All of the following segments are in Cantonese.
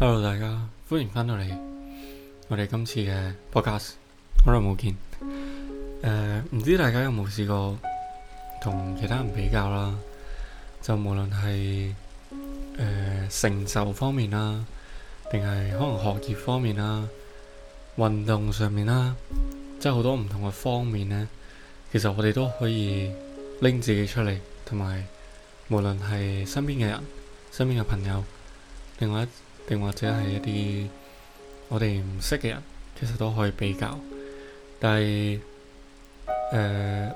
Hello，大家，歡迎翻到嚟我哋今次嘅 podcast，好耐冇見。呃，唔知大家有冇試過同其他人比較啦？就無論係誒、呃、成就方面啦、啊，定係可能學業方面啦、啊，運動上面、啊、啦，即係好多唔同嘅方面呢。其實我哋都可以拎自己出嚟，同埋無論係身邊嘅人、身邊嘅朋友，另外一。定或者係一啲我哋唔識嘅人，其實都可以比較。但係誒、呃，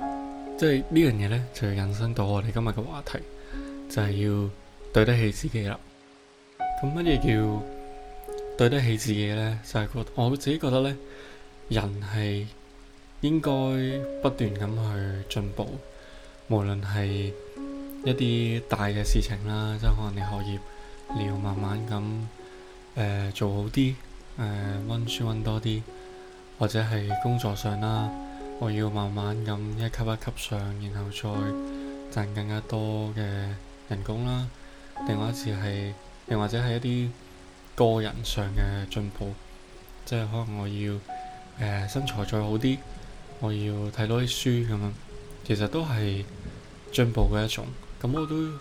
即係呢樣嘢咧，就要引申到我哋今日嘅話題，就係、是、要對得起自己啦。咁乜嘢叫對得起自己咧？就係、是、我覺我自己覺得咧，人係應該不斷咁去進步，無論係一啲大嘅事情啦，即係可能你學業療療，你要慢慢咁。呃、做好啲，誒、呃，溫書温多啲，或者係工作上啦，我要慢慢咁一級一級上，然後再賺更加多嘅人工啦。另外一次係，又或者係一啲個人上嘅進步，即係可能我要誒、呃、身材再好啲，我要睇多啲書咁樣，其實都係進步嘅一種。咁我都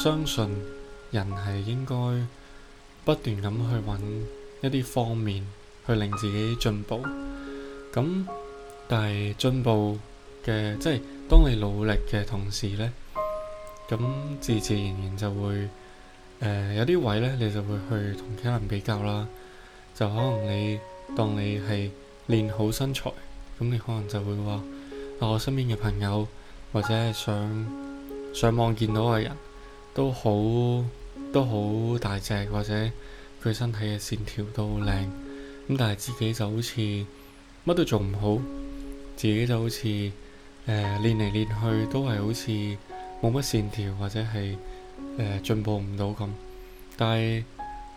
相信人係應該。不斷咁去揾一啲方面去令自己進步，咁但係進步嘅，即係當你努力嘅同時呢，咁自自然然就會誒、呃、有啲位呢，你就會去同其他人比較啦，就可能你當你係練好身材，咁你可能就會話、哦，我身邊嘅朋友或者係想上網見到嘅人都好。都好大隻，或者佢身體嘅線條都好靚咁，但係自己就好似乜都做唔好，自己就好似誒、呃、練嚟練去都係好似冇乜線條，或者係誒、呃、進步唔到咁。但係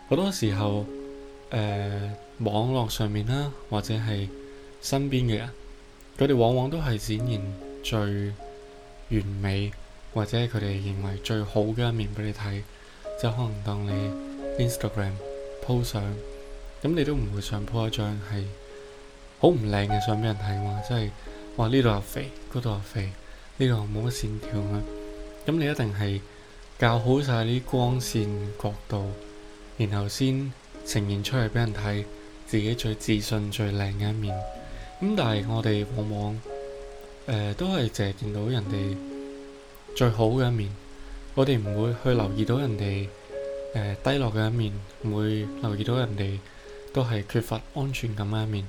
好多時候誒、呃，網絡上面啦，或者係身邊嘅人，佢哋往往都係展現最完美或者佢哋認為最好嘅一面俾你睇。即係可能當你 Instagram 鋪相，咁你都唔會想鋪一張係好唔靚嘅相俾人睇嘛。即係話呢度又肥，嗰度又肥，呢度又冇乜線條啊。咁你一定係較好晒啲光線角度，然後先呈現出嚟俾人睇自己最自信、最靚嘅一面。咁但係我哋往往誒、呃、都係淨係見到人哋最好嘅一面。我哋唔會去留意到人哋、呃、低落嘅一面，唔會留意到人哋都係缺乏安全感嘅一面。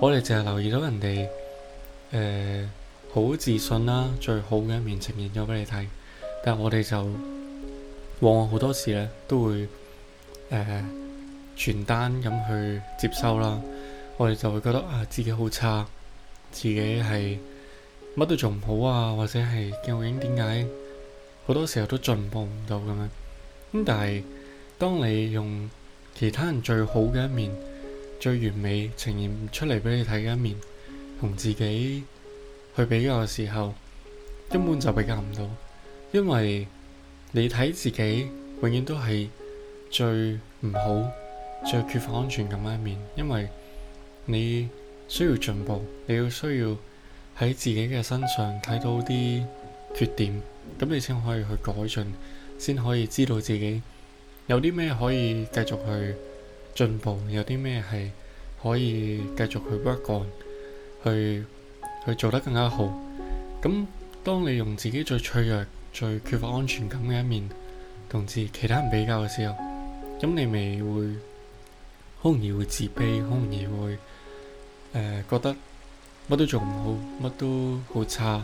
我哋淨係留意到人哋誒、呃、好自信啦，最好嘅一面呈現咗俾你睇。但係我哋就往往好多時咧都會誒全、呃、單咁去接收啦。我哋就會覺得啊，自己好差，自己係乜都做唔好啊，或者係究竟點解？好多時候都進步唔到咁樣，咁但係當你用其他人最好嘅一面、最完美呈現出嚟俾你睇嘅一面，同自己去比較嘅時候，根本就比較唔到，因為你睇自己永遠都係最唔好、最缺乏安全感嘅一面，因為你需要進步，你要需要喺自己嘅身上睇到啲缺點。咁你先可以去改進，先可以知道自己有啲咩可以繼續去進步，有啲咩係可以繼續去 work on，去去做得更加好。咁當你用自己最脆弱、最缺乏安全感嘅一面，同其他人比較嘅時候，咁你咪會好容易會自卑，好容易會誒、呃、覺得乜都做唔好，乜都好差。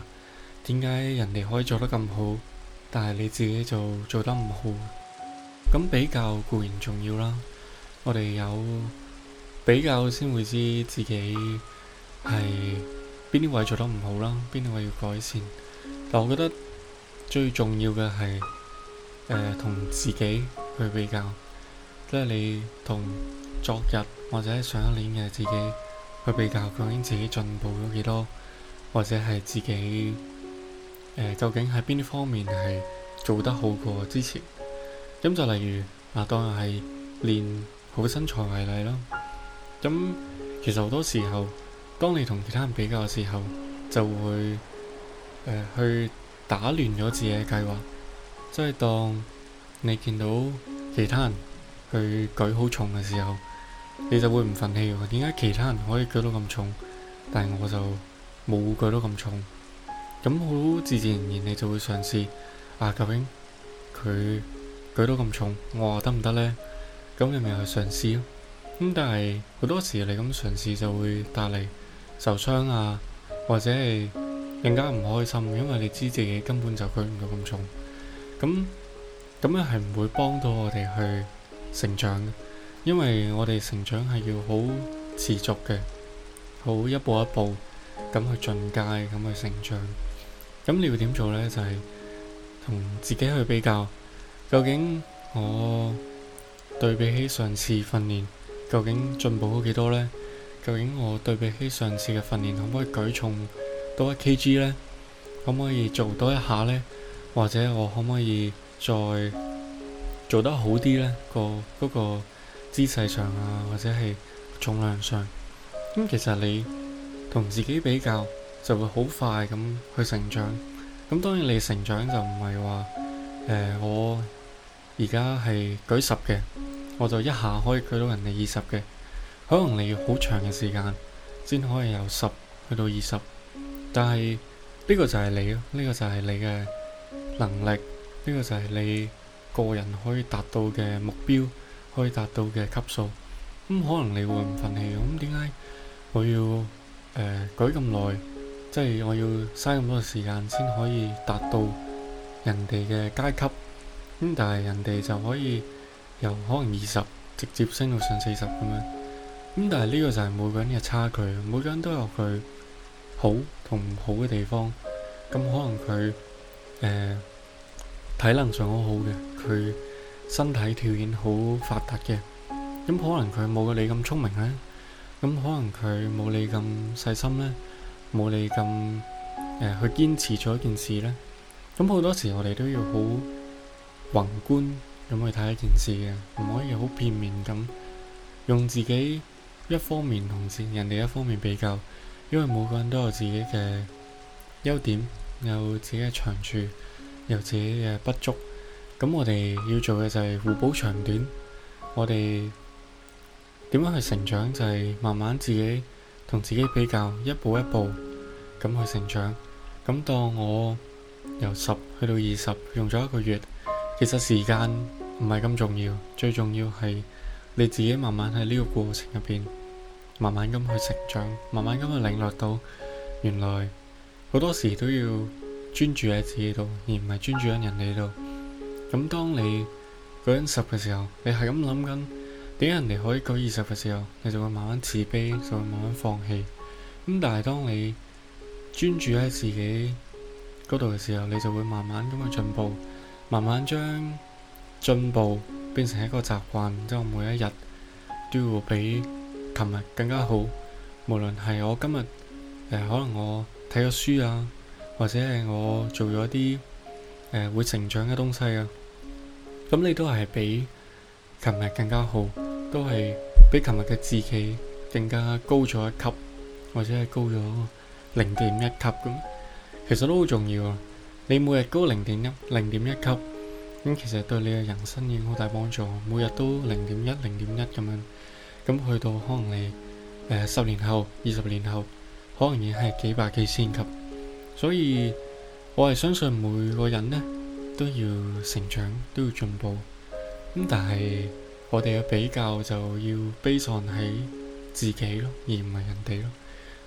點解人哋可以做得咁好，但係你自己就做，做得唔好？咁比較固然重要啦，我哋有比較先會知自己係邊啲位做得唔好啦，邊啲位要改善。但我覺得最重要嘅係誒同自己去比較，即係你同昨日或者上一年嘅自己去比較，究竟自己進步咗幾多，或者係自己。究竟喺邊啲方面係做得好過之前？咁就例如，啊，當然係練好身材為例啦。咁其實好多時候，當你同其他人比較嘅時候，就會、呃、去打亂咗自己嘅計劃。即係當你見到其他人去舉好重嘅時候，你就會唔忿氣，點解其他人可以舉到咁重，但係我就冇舉到咁重？咁好，自自然然你就會嘗試，啊，究竟佢舉到咁重，我話得唔得呢？咁你咪去嘗試咯。咁但係好多時你咁嘗試就會帶嚟受傷啊，或者係更加唔開心，因為你知自己根本就舉唔到咁重。咁咁咧係唔會幫到我哋去成長嘅，因為我哋成長係要好持續嘅，好一步一步。咁去進階，咁去成長。咁你要點做呢？就係、是、同自己去比較，究竟我對比起上次訓練，究竟進步咗幾多呢？究竟我對比起上次嘅訓練，可唔可以舉重多一 kg 呢？可唔可以做多一下呢？或者我可唔可以再做得好啲呢？個、那、嗰個姿勢上啊，或者係重量上。咁其實你，同自己比較就會好快咁去成長，咁當然你成長就唔係話誒我而家係舉十嘅，我就一下可以舉到人哋二十嘅，可能你要好長嘅時間先可以由十去到二十，但係呢個就係你咯，呢個就係你嘅能力，呢個就係你個人可以達到嘅目標，可以達到嘅級數，咁可能你會唔忿氣，咁點解我要？誒、呃，舉咁耐，即係我要嘥咁多時間先可以達到人哋嘅階級，咁、嗯、但係人哋就可以由可能二十直接升到上四十咁樣，咁、嗯、但係呢個就係每個人嘅差距，每個人都有佢好同唔好嘅地方，咁、嗯、可能佢誒、呃、體能上好好嘅，佢身體條件好發達嘅，咁、嗯、可能佢冇你咁聰明咧。咁可能佢冇你咁細心咧，冇你咁誒去堅持做一件事咧。咁好多時我哋都要好宏觀咁去睇一件事嘅，唔可以好片面咁用自己一方面同人哋一方面比較，因為每個人都有自己嘅優點，有自己嘅長處，有自己嘅不足。咁我哋要做嘅就係互補長短，我哋。點樣去成長就係慢慢自己同自己比較，一步一步咁去成長。咁當我由十去到二十，用咗一個月，其實時間唔係咁重要，最重要係你自己慢慢喺呢個過程入邊，慢慢咁去成長，慢慢咁去領略到，原來好多時都要專注喺自己度，而唔係專注喺人哋度。咁當你嗰陣十嘅時候，你係咁諗緊。點解人哋可以過二十嘅時候，你就會慢慢自卑，就會慢慢放棄。咁但係當你專注喺自己嗰度嘅時候，你就會慢慢咁去進步，慢慢將進步變成一個習慣，即係我每一日都要比琴日更加好。無論係我今日誒、呃，可能我睇咗書啊，或者係我做咗啲誒會成長嘅東西啊，咁你都係比琴日更加好。都係比琴日嘅自己更加高咗一級，或者係高咗零點一級咁，其實都好重要啊！你每日高零點一零點一級，咁、嗯、其實對你嘅人生已經好大幫助。每日都零點一零點一咁樣，咁去到可能你誒十、呃、年後、二十年後，可能已經係幾百幾千級。所以我係相信每個人呢都要成長，都要進步。咁、嗯、但係。我哋嘅比較就要基於自己咯，而唔係人哋咯。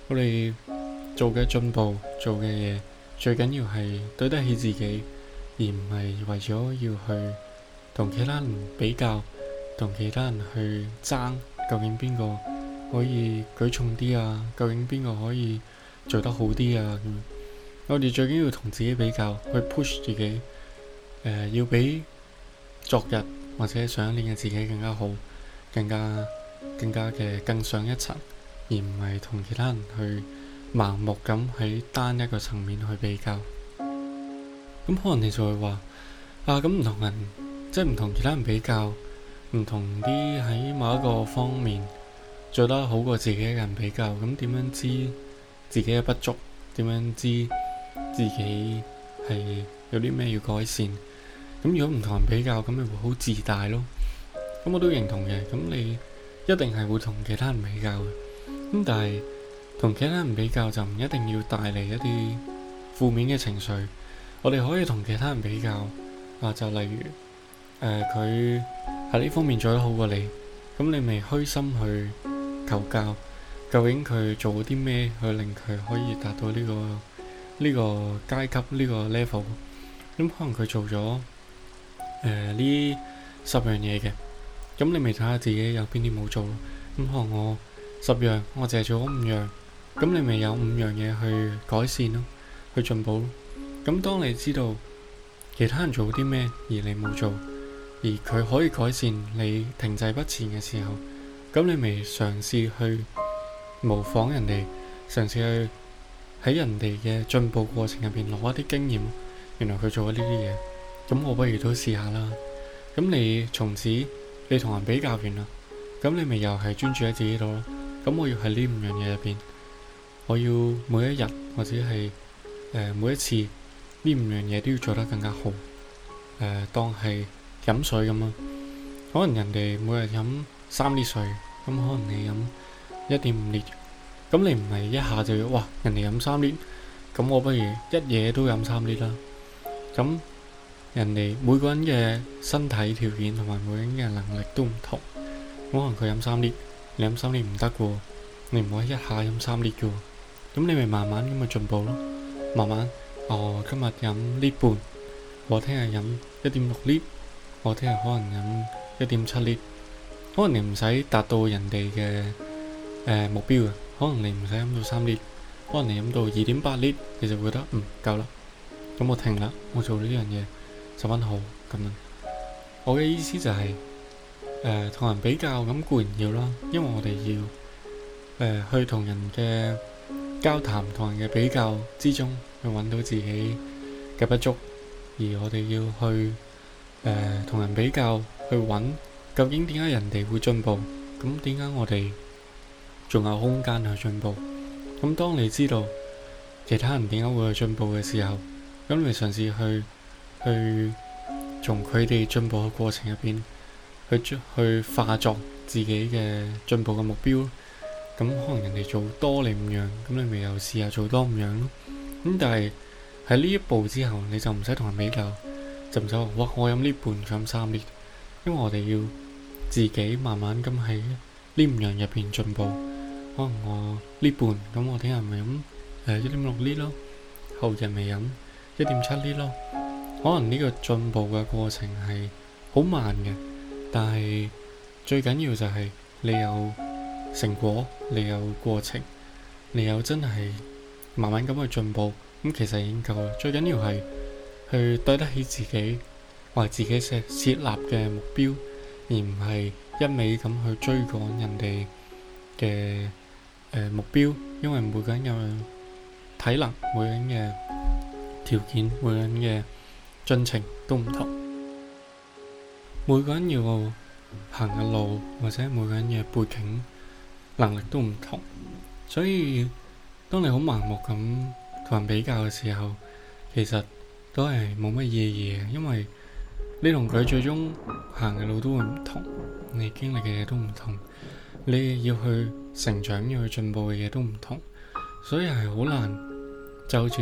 我哋做嘅進步、做嘅嘢，最緊要係對得起自己，而唔係為咗要去同其他人比較，同其他人去爭究竟邊個可以舉重啲啊？究竟邊個可以做得好啲啊？咁我哋最緊要同自己比較，去 push 自己。呃、要比昨日。或者想令到自己更加好，更加更加嘅更上一層，而唔係同其他人去盲目咁喺單一個層面去比較。咁可能你就會話啊，咁唔同人，即係唔同其他人比較，唔同啲喺某一個方面做得好過自己嘅人比較，咁點樣知自己嘅不足？點樣知自己係有啲咩要改善？咁如果唔同人比較，咁咪會好自大咯。咁我都認同嘅。咁你一定係會同其他人比較嘅。咁但係同其他人比較就唔一定要帶嚟一啲負面嘅情緒。我哋可以同其他人比較，啊就例如誒佢喺呢方面做得好過你，咁你咪虛心去求教。究竟佢做啲咩去令佢可以達到呢個呢個階級呢個 level？咁可能佢做咗。呢、呃、十樣嘢嘅，咁你咪睇下自己有邊啲冇做咯。咁可能我十樣，我淨係做咗五樣，咁你咪有五樣嘢去改善咯，去進步咯。咁當你知道其他人做啲咩，而你冇做，而佢可以改善你停滯不前嘅時候，咁你咪嘗試去模仿人哋，嘗試去喺人哋嘅進步過程入邊攞一啲經驗。原來佢做咗呢啲嘢。咁我不如都試下啦。咁你從此你同人比較完啦，咁你咪又係專注喺自己度咯。咁我要喺呢五樣嘢入邊，我要每一日或者係誒每一次呢五樣嘢都要做得更加好。誒，當係飲水咁啊，可能人哋每日飲三列水，咁可能你飲一點五列，咁你唔係一下就要哇，人哋飲三列？咁我不如一嘢都飲三列啦。咁。人哋每個人嘅身體條件同埋每個人嘅能力都唔同，可能佢飲三列，你飲三列唔得嘅，你唔可以一下飲三列嘅。咁你咪慢慢咁咪進步咯。慢慢，哦，今日飲呢半，我聽日飲一點六列，我聽日可能飲一點七列。可能你唔使達到人哋嘅誒目標啊，可能你唔使飲到三列，可能你飲到二點八列，你就會覺得嗯，夠啦，咁我停啦，我做咗呢樣嘢。十分好，咁樣，我嘅意思就係誒同人比較咁固然要啦，因為我哋要誒去同人嘅交談、同人嘅比較之中去搵到自己嘅不足，而我哋要去誒同人比較去搵究竟點解人哋會進步，咁點解我哋仲有空間去進步？咁當你知道其他人點解會去進步嘅時候，咁你嘗試去。去從佢哋進步嘅過程入邊，去去化作自己嘅進步嘅目標。咁可能人哋做多你五樣，咁你咪又試下做多五樣咯。咁但係喺呢一步之後，你就唔使同人比較，就唔使話，哇！我飲呢半，佢飲三粒，因為我哋要自己慢慢咁喺呢五樣入邊進步。可能我呢半，咁我聽日咪飲誒一點六粒咯，後日咪飲一點七粒咯。可能呢個進步嘅過程係好慢嘅，但係最緊要就係你有成果，你有過程，你有真係慢慢咁去進步。咁、嗯、其實已經夠啦。最緊要係去對得起自己，為自己設立嘅目標，而唔係一味咁去追趕人哋嘅、呃、目標，因為每個人有體能、每個人嘅條件、每個人嘅。進程都唔同，每個人要行嘅路或者每個人嘅背景能力都唔同，所以當你好盲目咁同人比較嘅時候，其實都係冇乜意義嘅，因為你同佢最終行嘅路都會唔同，你經歷嘅嘢都唔同，你要去成長要去進步嘅嘢都唔同，所以係好難就住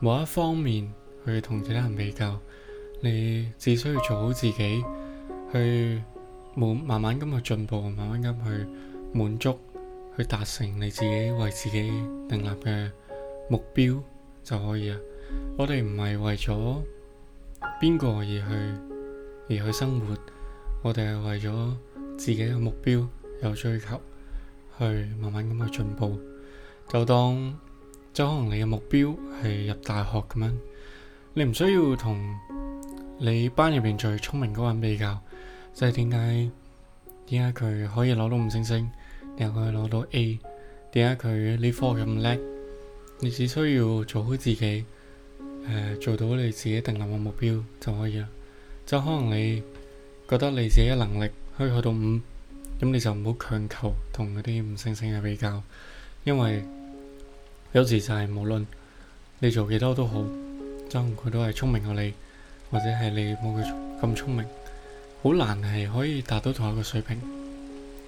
某一方面去同其他人比較，你只需要做好自己，去滿慢慢咁去進步，慢慢咁去滿足，去達成你自己為自己訂立嘅目標就可以啊。我哋唔係為咗邊個而去而去生活，我哋係為咗自己嘅目標有追求，去慢慢咁去進步。就當就可能你嘅目標係入大學咁樣。你唔需要同你班入邊最聰明個人比較，就係點解點解佢可以攞到五星星，然後佢可以攞到 A，點解佢呢科咁叻？你只需要做好自己，誒、呃、做到你自己定立嘅目標就可以啦。就可能你覺得你自己嘅能力可以去到五，咁你就唔好強求同嗰啲五星星嘅比較，因為有時就係無論你做幾多都好。爭佢都係聰明過你，或者係你冇佢咁聰明，好難係可以達到同一個水平。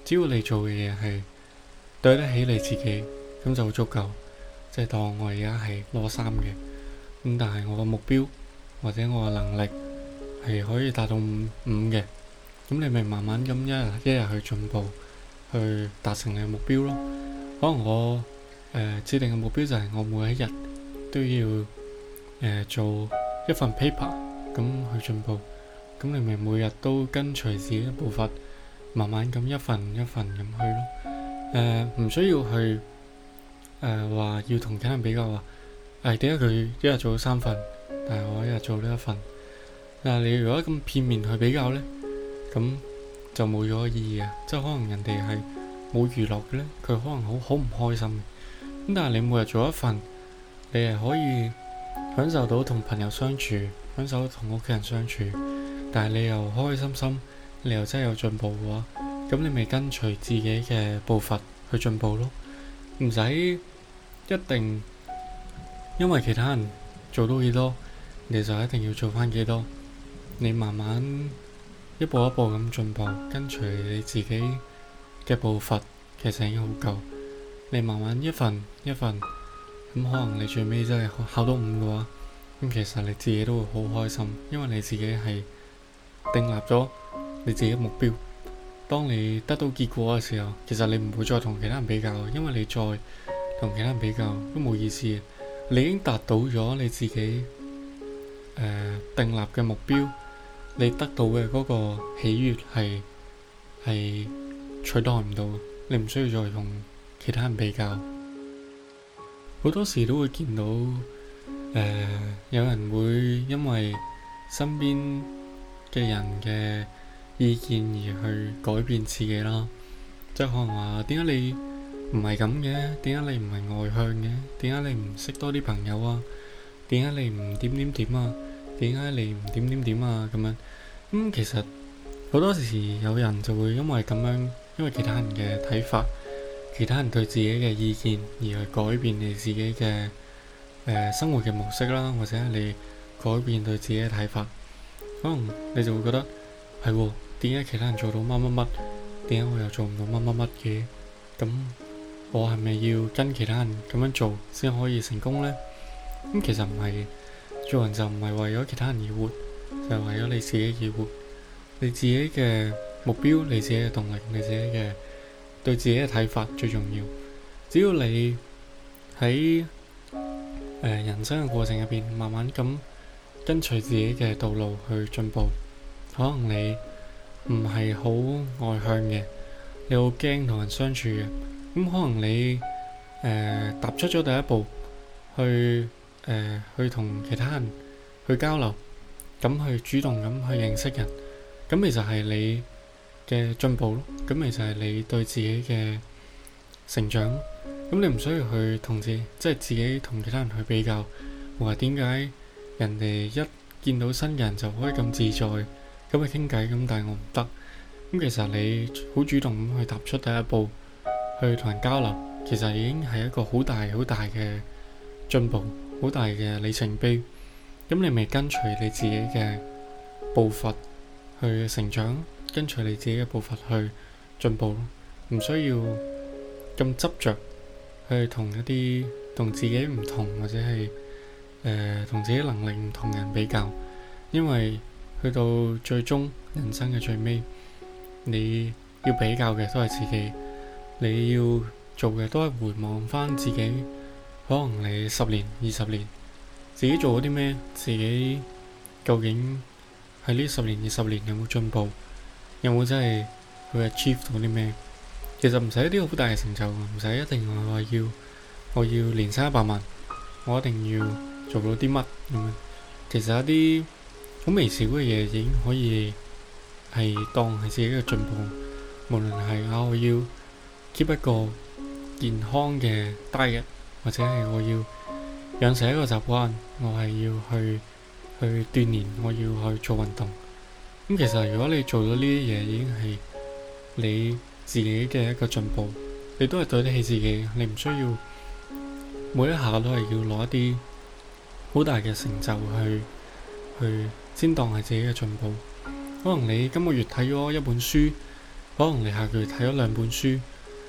只要你做嘅嘢係對得起你自己，咁就好足夠。即係當我而家係攞三嘅，咁但係我個目標或者我嘅能力係可以達到五五嘅，咁你咪慢慢咁一日一日去進步，去達成你嘅目標咯。可能我誒設定嘅目標就係我每一日都要。誒做一份 paper 咁去進步，咁你咪每日都跟隨自己嘅步伐，慢慢咁一份一份咁去咯。誒、呃、唔需要去誒話、呃、要同其他人比較話。誒點解佢一日做咗三份，但係我一日做呢一份？但係你如果咁片面去比較咧，咁就冇咗意義啊。即、就、係、是、可能人哋係冇娛樂嘅咧，佢可能好好唔開心。咁但係你每日做一份，你係可以，享受到同朋友相處，享受到同屋企人相處，但係你又開開心心，你又真係有進步嘅話，咁你咪跟隨自己嘅步伐去進步咯，唔使一定因為其他人做到幾多，你就一定要做返幾多，你慢慢一步一步咁進步，跟隨你自己嘅步伐，其實已經好夠，你慢慢一份一份。咁、嗯、可能你最尾真係考到五嘅話，咁、嗯、其實你自己都會好開心，因為你自己係訂立咗你自己目標。當你得到結果嘅時候，其實你唔會再同其他人比較，因為你再同其他人比較都冇意思。你已經達到咗你自己誒、呃、訂立嘅目標，你得到嘅嗰個喜悅係係取代唔到，你唔需要再同其他人比較。好多時都會見到，誒、呃、有人會因為身邊嘅人嘅意見而去改變自己啦。即係可能話：點解你唔係咁嘅？點解你唔係外向嘅？點解你唔識多啲朋友啊？點解你唔點點點啊？點解你唔點點點啊？咁樣咁、嗯、其實好多時有人就會因為咁樣，因為其他人嘅睇法。其他人對自己嘅意見而去改變你自己嘅、呃、生活嘅模式啦，或者你改變對自己嘅睇法，可能你就會覺得「係喎，點、哎、解其他人做到乜乜乜，點解我又做唔到乜乜乜嘅？咁我係咪要跟其他人咁樣做先可以成功呢？」咁其實唔係，做人就唔係為咗其他人而活，就係、是、為咗你自己而活。你自己嘅目標，你自己嘅動力，你自己嘅～對自己嘅睇法最重要。只要你喺、呃、人生嘅過程入邊，慢慢咁跟隨自己嘅道路去進步。可能你唔係好外向嘅，你好驚同人相處嘅。咁可能你、呃、踏出咗第一步，去、呃、去同其他人去交流，咁去主動咁去認識人。咁其實係你嘅進步咯，咁咪就係你對自己嘅成長咯。咁你唔需要去同自即係自己同其他人去比較，話點解人哋一見到新人就可以咁自在咁去傾偈，咁但係我唔得咁。其實你好主動咁去踏出第一步，去同人交流，其實已經係一個好大好大嘅進步，好大嘅里程碑。咁你咪跟隨你自己嘅步伐去成長。跟隨你自己嘅步伐去進步，唔需要咁執着去同一啲同自己唔同，或者係誒同自己能力唔同人比較。因為去到最終人生嘅最尾，你要比較嘅都係自己，你要做嘅都係回望翻自己。可能你十年、二十年自己做咗啲咩？自己究竟喺呢十年、二十年有冇進步？有冇真係去 achieve 到啲咩？其實唔使啲好大嘅成就，唔使一定話要我要年薪一百萬，我一定要做到啲乜咁樣。其實一啲好微小嘅嘢已經可以係當係自己嘅進步。無論係啊，我要 keep 一個健康嘅 diet，或者係我要養成一個習慣，我係要去去鍛鍊，我要去做運動。咁其實如果你做咗呢啲嘢，已經係你自己嘅一個進步，你都係對得起自己，你唔需要每一下都係要攞一啲好大嘅成就去去先當係自己嘅進步。可能你今個月睇咗一本書，可能你下個月睇咗兩本書，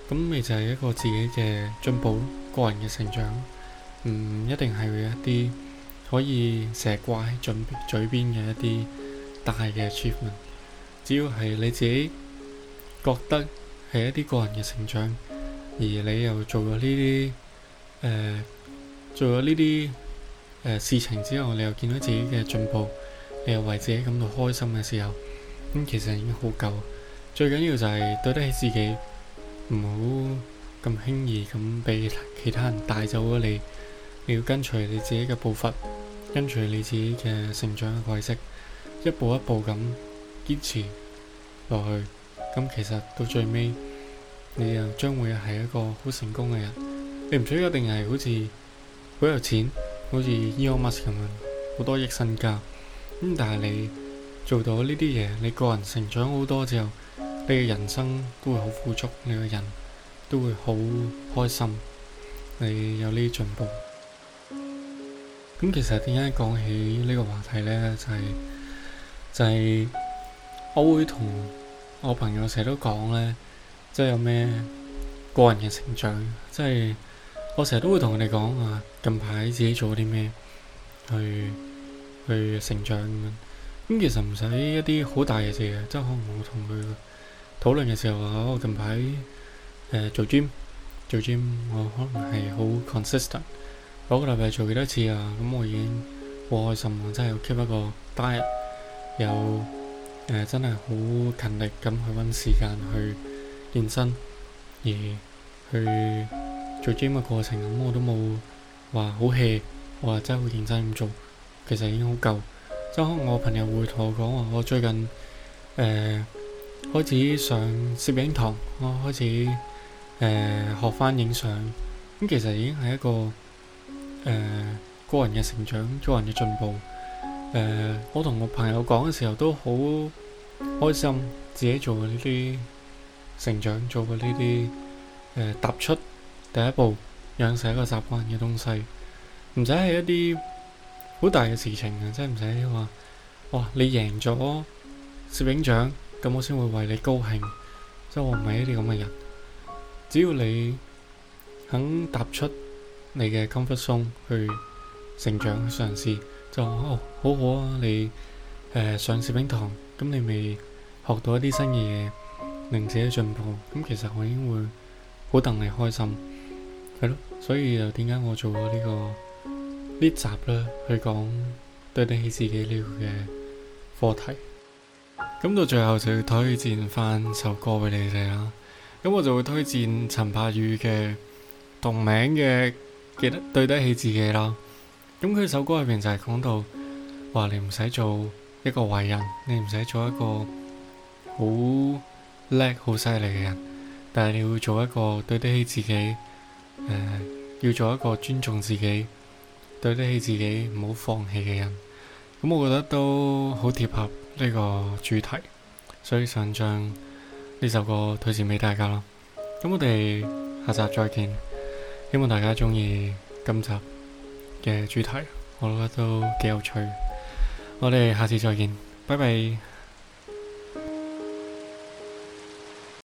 咁咪就係一個自己嘅進步，個人嘅成長，唔、嗯、一定係會一啲可以成日掛喺嘴嘴邊嘅一啲。大嘅 achievement，只要係你自己覺得係一啲個人嘅成長，而你又做咗呢啲誒，做咗呢啲誒事情之後，你又見到自己嘅進步，你又為自己感到開心嘅時候，咁、嗯、其實已經好夠。最緊要就係對得起自己，唔好咁輕易咁俾其他人帶走咗你。你要跟隨你自己嘅步伐，跟隨你自己嘅成長嘅軌跡。一步一步咁堅持落去，咁其實到最尾，你又將會係一個好成功嘅人。你唔需一定係好似好有錢，好似 Elon Musk 咁樣好多億身家。咁但係你做到呢啲嘢，你個人成長好多之後，你嘅人生都會好富足，你嘅人都會好開心，你有呢啲進步。咁其實點解講起呢個話題呢？就係、是。就係我會同我朋友成日都講咧，即、就、係、是、有咩個人嘅成長。即、就、係、是、我成日都會同佢哋講啊，近排自己做啲咩去去成長咁樣。咁、嗯、其實唔使一啲好大嘅事嘅，即、就、係、是、可能我同佢討論嘅時候話、啊，我近排誒、呃、做 gym 做 gym，我可能係好 consistent，嗰個禮拜做幾多次啊，咁我已經好開心啊，真係 keep 一個 diet。有誒、呃，真係好勤力咁去揾時間去健身，而去做 gym 嘅過程咁、嗯，我都冇話好 hea，我話真係好認真咁做，其實已經好夠。即、嗯、係我朋友會同我講話，我最近誒、呃、開始上攝影堂，我開始誒、呃、學翻影相，咁、嗯、其實已經係一個誒、呃、個人嘅成長，個人嘅進步。誒、呃，我同我朋友講嘅時候都好開心，自己做嘅呢啲成長，做嘅呢啲誒踏出第一步，養成一個習慣嘅東西，唔使係一啲好大嘅事情啊，即係唔使話，哇、哦、你贏咗攝影獎，咁我先會為你高興，即係我唔係一啲咁嘅人，只要你肯踏出你嘅 comfort zone 去成長嘗試。嘗試就哦，好好啊！你誒、呃、上攝影堂，咁你未學到一啲新嘅嘢，令自己進步，咁其實我已經會好戥你開心，係咯。所以就點解我做咗、這個、呢個呢集咧？去講對得起自己呢個嘅課題。咁到最後就要推薦翻首歌俾你哋啦。咁我就會推薦陳柏宇嘅同名嘅《記得對得起自己》啦。咁佢首歌入邊就係講到，話你唔使做一個壞人，你唔使做一個好叻好犀利嘅人，但係你要做一個對得起自己、呃，要做一個尊重自己、對得起自己、唔好放棄嘅人。咁我覺得都好貼合呢個主題，所以想將呢首歌推薦俾大家咯。咁我哋下集再見，希望大家中意今集。嘅主題，我覺得都幾有趣。我哋下次再見，拜拜。